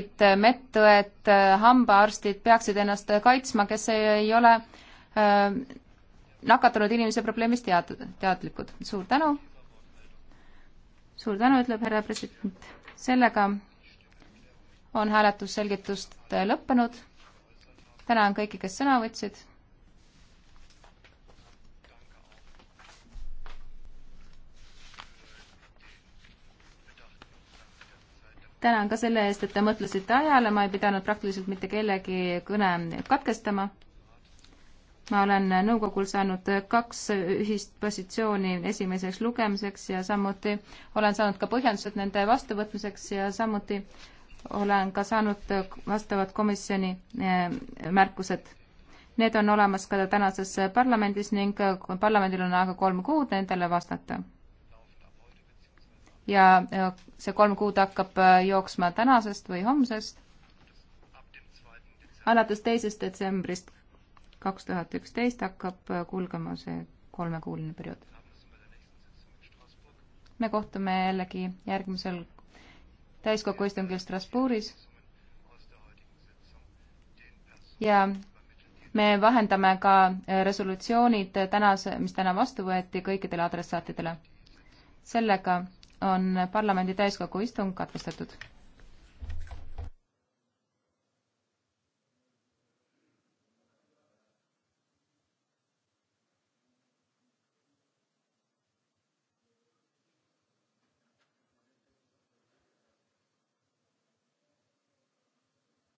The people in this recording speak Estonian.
arstid, medõed, äh, hambaarstid peaksid ennast äh, kaitsma, kes ei ole äh, nakatunud inimese probleemist tead-, teadlikud. suur tänu! suur tänu, ütleb härra president. sellega on hääletusselgitust lõppenud. tänan kõiki, kes sõna võtsid tänan ka selle eest, et te mõtlesite ajale, ma ei pidanud praktiliselt mitte kellegi kõne katkestama. ma olen nõukogul saanud kaks ühist positsiooni esimeseks lugemiseks ja samuti olen saanud ka põhjendused nende vastuvõtmiseks ja samuti olen ka saanud vastavad komisjoni eh, märkused. Need on olemas ka tänases parlamendis ning parlamendil on aega kolm kuud nendele vastata ja see kolm kuud hakkab äh, jooksma tänasest või homsest, alates teisest detsembrist kaks tuhat üksteist hakkab äh, kulgema see kolmekuuline periood. me kohtume jällegi järgmisel täiskogu istungil Strasbourgis ja me vahendame ka äh, resolutsioonid tänase, mis täna vastu võeti kõikidele adressaatidele. sellega on parlamendi täiskogu istung katkestatud.